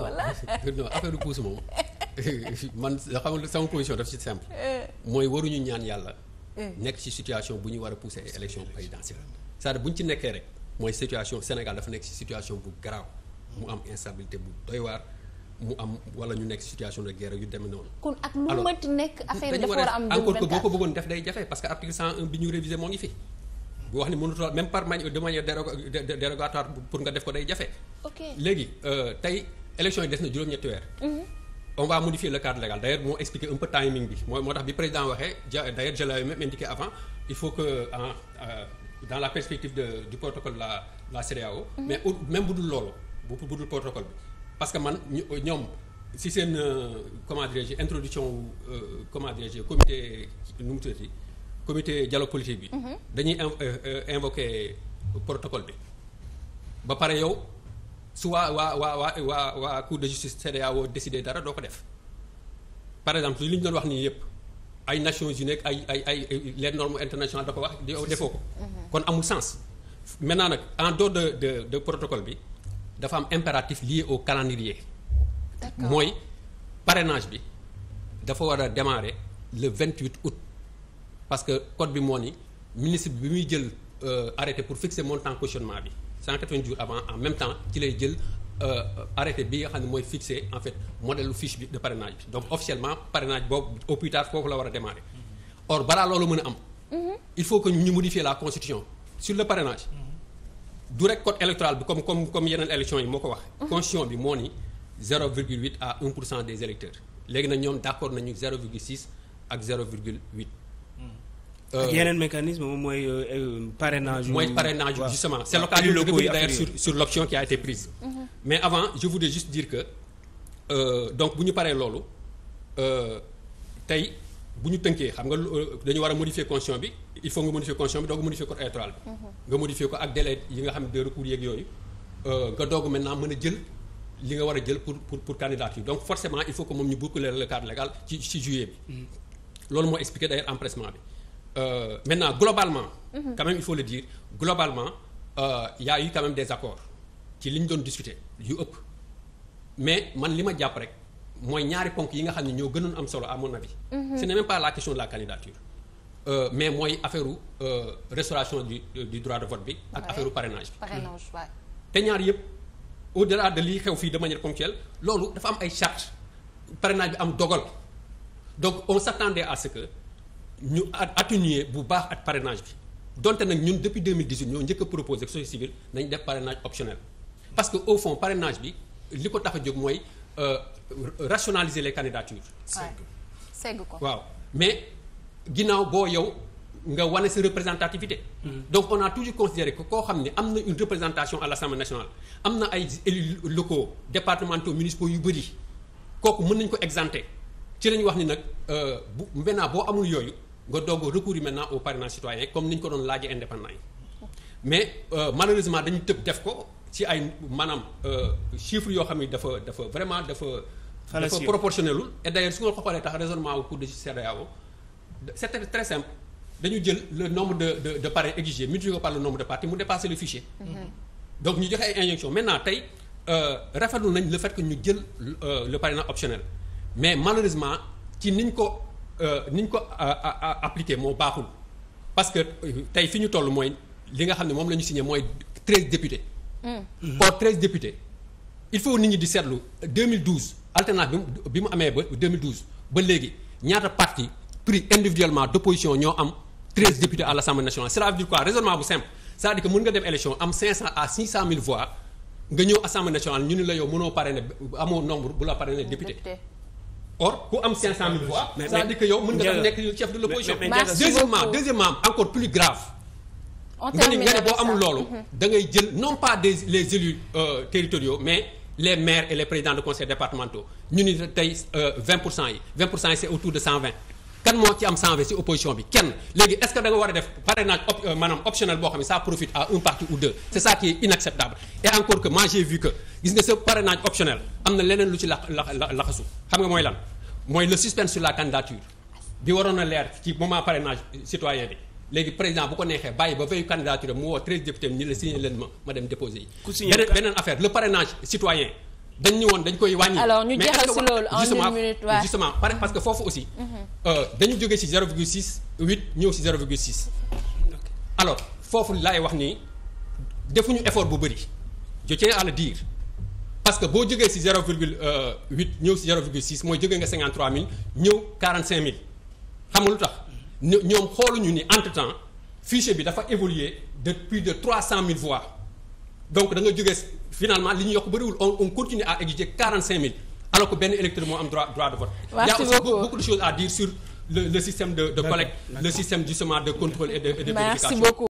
voilà affaire puus moom man xam nga sama position daf ci simple. Eh. mooy waruñu ñaan yàlla. Eh. nekk ci situation bu ñu war a pousser élection présidentielle. cest à bu ñu ci nekkee rek mooy situation Sénégal dafa nekk ci situation bu garaaw. mu am instabilité bu doy waar mu am wala ñu nekk situation de guerre yu demee noonu. kon ak lu mënti nekk affaire dafa war a am encore que boo ko bëggoon def day jafe parce que article 101 bi ñu révisé moo ngi fi. bu wax ni mënutoo même par de manière dérogatoire pour nga def ko day jafe. léegi euh, tey. élection yi des na juróom-ñetti weer. Mhm. on va modifier le cadre légal d'ailleurs moo expliqué un peu timing bi mooy moo tax bi président waxee ja d'ailleurs je l'avais même avant il faut que en euh, dans la perspective de du protocole la la CEDEAO. Mhm. mais même bu dul loolu bu dul protocole bi parce que man ñoom si seen euh, comment dirais-je introduction euh, comment dirais-je comité nu mu tuddati bi. Mhm. dañuy invoquer protocole bi ba pare yow. su waa waa waa waa waa waa cour de justice CEDEAO décidé dara doo ko def par exemple li ñu doon wax nii yëpp ay Nations Unies ak ay ay ay les normes internationales da ko wax defoo ko mhm. kon amul sens maintenant nag en dehors de de de bi dafa am impératif lié au calendrier mooy parrainage bi dafa war a démarrer le 28 août parce que code bi moo ni ministre bi muy jël euh, arrêté pour fixer montant cautionnement bi 180 jours avant en même temps ci lay jël euh, arrêté bi xam ne mooy fixé en fait modèle fiche bi de parrainage bi donc officiellement parrainage boobu au foofu la war a démarrer mm-hmm. or balaa loolu mën a am mm-hmm. il faut que ñu modifier la constitution sur le parrainage mm-hmm. du rek code électoral bi comme comme comme yeneen élection yi moo ko wax constitution bi moo ni 0,8 à 1 pour cent des électeurs léegi nag ñoom d'accord nañu 0,6 ak 0,8 Euh, yeneen mécanisme moom mooy euh, euh, parrainage. mooy parrainage justement c'est l'occasion de revenir d'ailleurs sur sur l'option qui a été prise. Mm-hmm. mais avant donc bu ñu paree loolu tey bu ñu tënkee xam nga dañu a modifier constitution bi il bi doog modifier code électoral bi. Mm-hmm. nga modifier ko ak délai yi xam ne de recours yeeg yooyu nga doog mën jël. li nga war jël pour pour pour candidature donc forcément il faut ñu boucler le cadre légal ci mm-hmm. loolu moo expliqué d'ailleurs empressement bi. euh, maintenant globalement. Mm -hmm. quand même il faut le dire globalement euh, y a des accords ci li ñu doon discuter yu ëpp. mais man li ma jàpp rek mooy ñaari ponk yi nga xam ne ñoo gënoon am solo à mon avis. Mm -hmm. ce la question euh, mais mooy affaire u euh, restauration du euh, du droit de vote bi. ak ouais. affaire u parrainage bi. te ñaar yëpp au delà de lii xew fii de manière ponctuelle loolu dafa am ay chartes parrainage bi am dogal donc on s'attendait à ce que. ñu atenuer bu baax ak parrainage bi donte nag ñun depuis 2018 ñoo njëkk a proposé société civile nañ def parrainage optionnel parce que au fond parrainage bi li ko tax a jóg mooy euh, rationaliser les candidatures. segg ko waaw mais ginnaaw boo yow nga wane sa représentativité. Mm-hmm. donc on a toujours considéré que koo xam ne am na une représentation à l'Assemblée nationale am na ay élus locaux départementaux municipaux yu bëri kooku mën nañ ko exempter ci lañu wax ni nag euh, bu maintenant boo amul yooyu. nga doog a recourir maintenant au parrainage citoyen comme ni mais euh, dañu tëb def ko ci ay maanaam euh, chiffres yoo xam ni dafa dafa vraiment dafa dafa proportionnelul et d'ailleurs su nga ko xoolee tax raisonnement au cours de CEDEAO c'était très simple dañu jël le nombre de de de parrains exigés multiplié ko par le nombre de partis mu dépassé le fichier mm-hmm. donc ñu joxe ay injonction maintenant tey euh, rafetlu nañ le fait que ñu jël euh, le parrainage optionnel mais malheureusement ci niñ ko Euh, ni ñu ko appliqué moo baaxul parce que euh, tey fi ñu toll mooy li nga xam ne moom la ñu signé mooy treize députés. pour hmm. treize députés. il faut nit ñi di seetlu 2012 alternance bi mu amee ba 2012 ba léegi ñaata parti pris individuellement d' ñoo am treize députés à l' assemblée nationale cela veut dire quoi raisonnement bu simple c' est à mën nga dem élection am cinq cent à six cent mille voix nga ñëw assemblée nationale ñu ne la yow mënoo parrainer amoo nombre bu la parrainer député. or ku am 500000 voix. mais mais c'est-à-dire que yow mën nga daan nekk chef de l'opposition. deuxièmement deuxièmement encore plus grave. on termine nga ne boo amul loolu. Mhm. da ngay jël non pas des les élus euh, territoriaux mais les maires et les présidents de conseils départementaux ñu ni tey 20 euh, pour cent yi 20 pour cent yi c'est autour de 120. kan moo ci am 120 ci opposition bi kenn léegi est-ce que da nga war a def parrainage op euh, maanaam optionnel boo xam ne ça profite à un parti ou deux c'est ça qui est am na leneen lu ci la la laxasu xam nga mooy lan. mooy le suspense sur la candidature bi waroon a leer ci moment parrainage citoyen bi léegi président bu ko neexee bàyyi ba veille candidature mu woo treize députés ñi la signé leen ma ma dem déposé yi beneen affaire le parrainage citoyen dañ ñu woon dañ koy wàññi alors ñu jeexal si parce que foofu aussi mm-hmm. euh, dañu jógee si 0,6 8 ñëw si 0,6 alors foofu laay wax nii defuñu effort bu bëri je tiens à le dire parce que boo jógee si euh, si 0,6 mooy jógee nga 53000 ñëw 45000 lu tax ñoom xooluñu ni entre temps fichier bi dafa évoluer de plus de 300000 voix donc da jógee finalement li ñu yokk bëriwul on on continue à exiger 45000 alors que benn électeur moo am droit de vote. il y a aussi de choses à dire sur le système de collecte le système justement de contrôle et de de vérification.